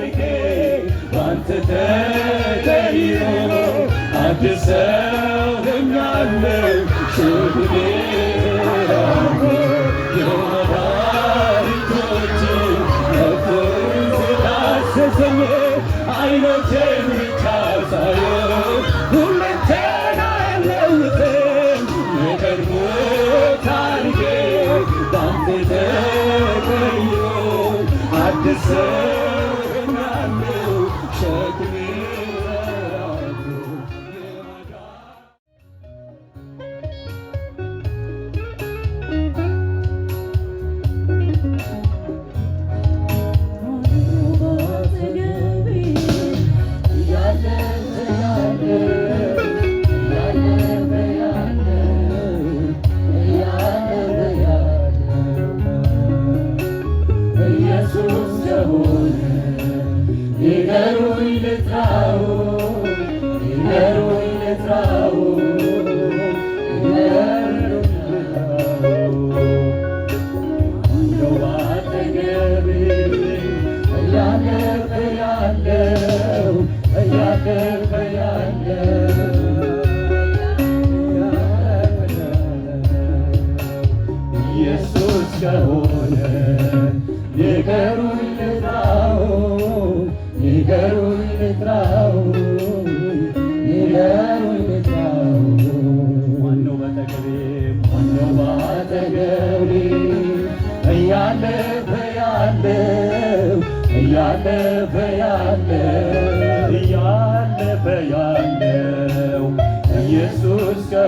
ታሪኬ ባንተ ተቀይሮ አዲስ ሰው ሆኛለሁ ሽጉጤ አይኖቼን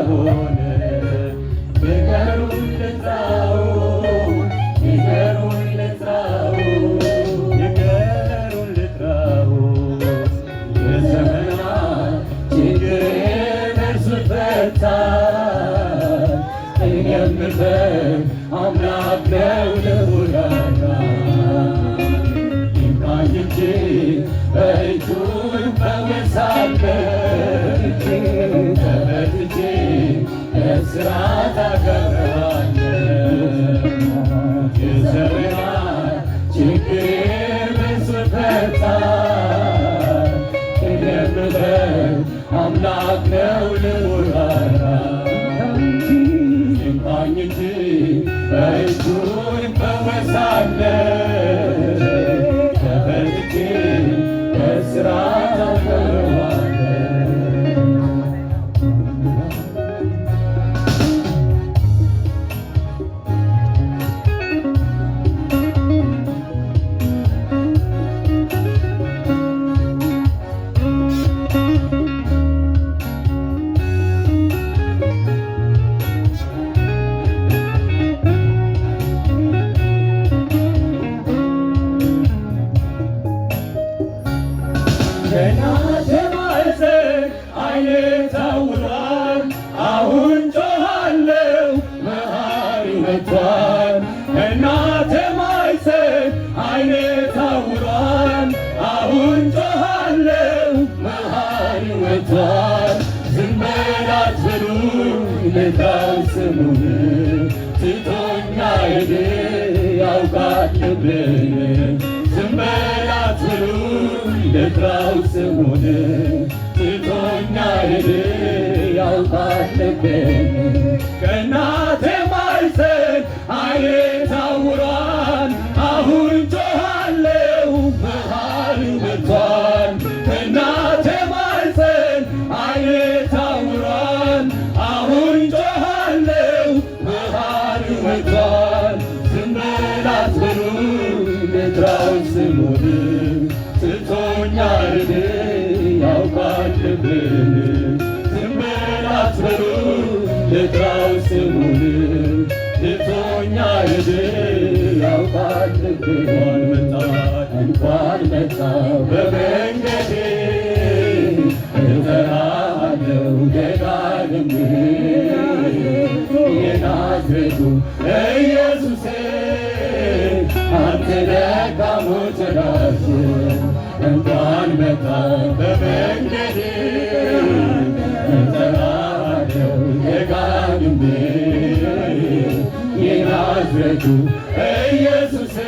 हो በሉ ጌታን ስሙን ትቶኛ ሄደ ያውቃል ልቤን ትቶኛ ሄደ ያውቃል ልቤን ከእናቴ በመንገዴ እፈራለሁ ደጋግሜ የናዝሬቱ ኢየሱሴ ኢየሱሴ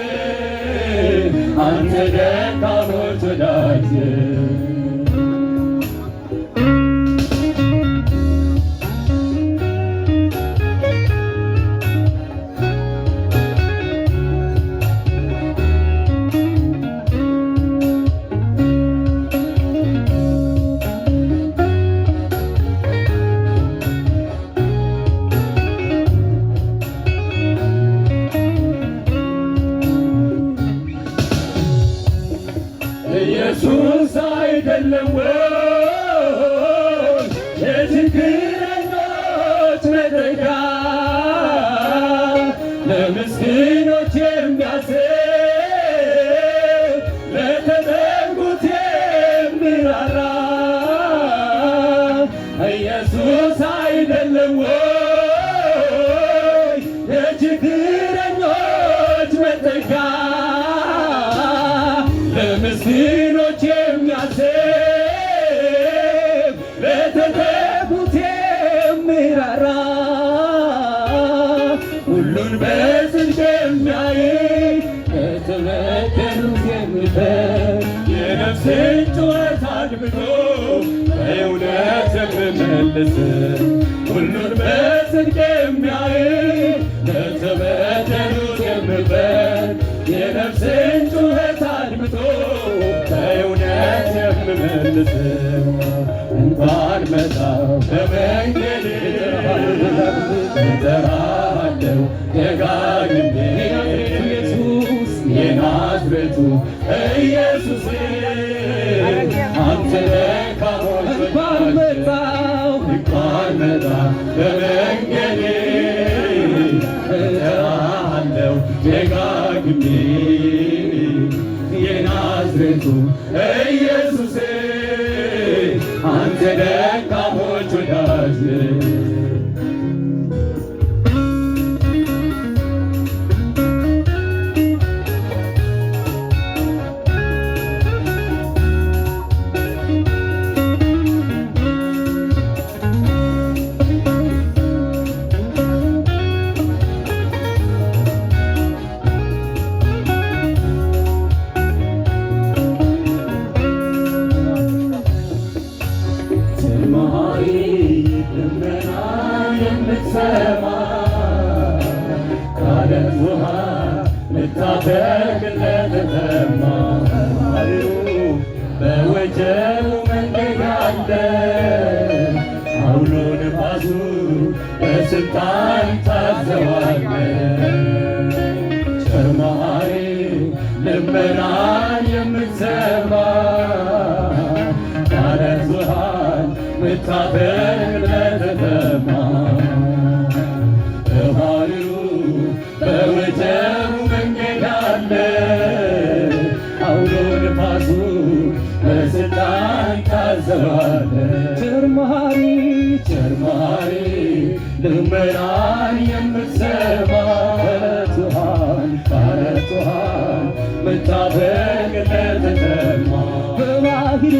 አንተ ደካ paradise. ኢየሱስ አይደለም ወይ በጩኸት አድብቶ በእውነት የሚመልስ ሁሉን በጽድቅ የሚያይ ለተበደሉት የምበል የነፍስን ጩኸት አድምቶ በእውነት የሚመልስ እንኳን መጣሁ ከመንገድ እጠራሃለሁ ደጋግሜ አትቤቱ ኢየሱስ አንተ ደካሞች እንኳን መጣው በመንገዴ እጠራሃለሁ ደጋግሜ የናዝሬቱ ኢየሱስ አንተ ልትሰማ ከዓለም ውሃ ልታደርግ ለተጠማ በወጀቡ መንገድ አለ አውሎ ነፋሱ በስልጣን ታዘዋለ ጨማሪ ልመናን የምትሰማ ከዓለም ለተጠማ ልመናን የምትሰማ ፈረቱሃን ፈረቱሃን መታጠቅ ለተጠማ በባህሩ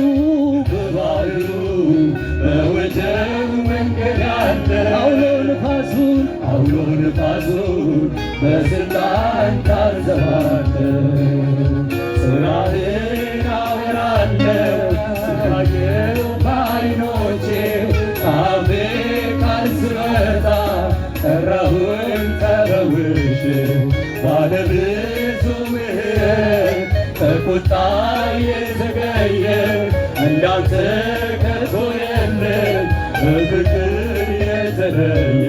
በባህሩ በወጀብ መንገድ ያለ አውሎ ንፋሱን አውሎ ንፋሱን በስልጣን ቁጣ የዘገየ እንዳንተ ከቶ የለም በፍቅር የተለየ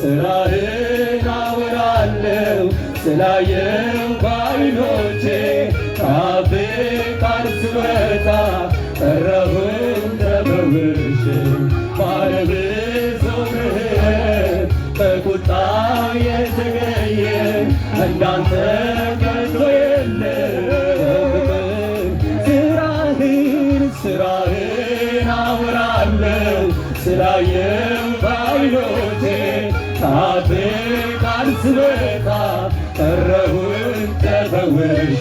ስራህን አወራለው ስላየው ባይኖቼ ጣፍ ካልስበታ ቀረብን ተበብሽ ባለብሶ ምህረት በቁጣ የተገየ እንዳንተ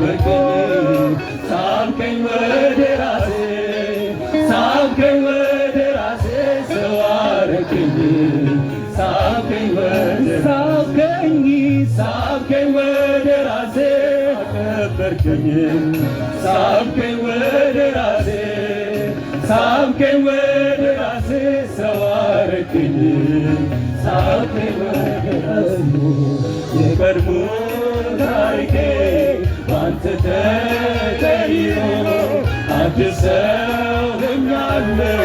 በርግም ሳብከኝ ወደ ራሴ ሳብከኝ ወደ ራሴ ሰው አረከኝ ሳብከኝ ወደ ሳብከኝ ሳብከኝ ወደ ራሴ አከበርከኝ ሳብከኝ ወደ ራሴ ሳብከኝ ወደ ራሴ የቀድሞ አንተ ተቀይሮ አዲስ ሰው ሆኛለሁ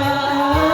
Shara.